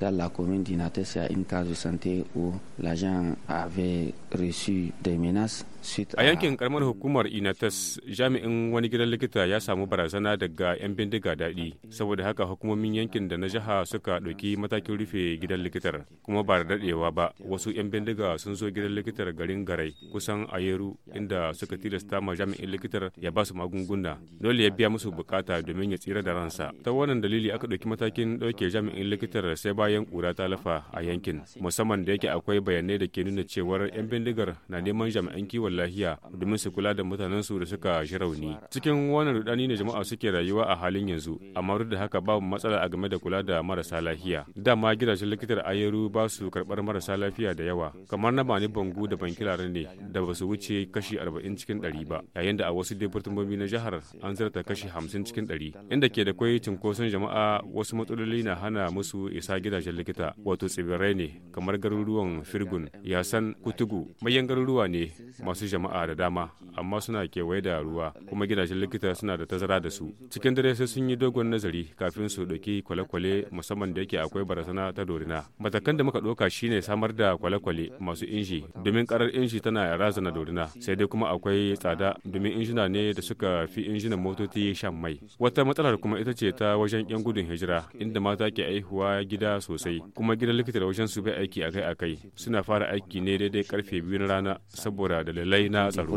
Dans la commune d'Inaté, c'est une case de santé où l'agent avait reçu des menaces A yankin karamar hukumar Inatas jami'in wani gidan likita ya samu barazana daga 'yan bindiga daɗi saboda haka hukumomin yankin da na jiha suka ɗauki matakin rufe gidan likitar kuma ba da daɗewa ba wasu 'yan bindiga sun zo gidan likitar garin garai kusan ayeru inda suka tilasta ma jami'in likitar ya ba su magunguna dole ya biya musu bukata domin ya tsira da ransa ta wannan dalili aka ɗauki matakin ɗauke jami'in likitar sai ba bayan ƙura ta lafa a yankin musamman da yake akwai bayanai da ke nuna cewar 'yan bindigar na neman jami'an kiwon lafiya domin su kula da mutanensu da suka ji rauni cikin wannan rudani ne jama'a suke rayuwa a halin yanzu amma duk da haka babu matsala a game da kula da marasa lafiya dama gidajen likitar ayeru ba su karɓar marasa lafiya da yawa kamar na bani bangu da bankilare ne da ba su wuce kashi arba'in cikin 100 ba yayin da a wasu departamomi na jihar an zarta kashi 50 cikin 100 inda ke da kwai cinkoson jama'a wasu matsaloli na hana musu isa gida gidajen likita wato tsibirai ne kamar garuruwan firgun yasan kutugu mayan garuruwa ne masu jama'a da dama amma suna kewaye da ruwa kuma gidajen likita suna da tazara da su cikin dare sai sun yi dogon nazari kafin su ɗauki kwale-kwale musamman da yake akwai barazana ta dorina matakan da muka ɗauka shine samar da kwale-kwale masu inji domin karar inji tana razana dorina sai dai kuma akwai tsada domin injina ne da suka fi injinan motoci shan mai wata matsalar kuma ita ce ta wajen yan gudun hijira inda mata ke aihuwa gida sosai kuma gidan likita da wajen su bai aiki a kai suna fara aiki ne daidai karfe biyu na rana saboda dalilai na tsaro.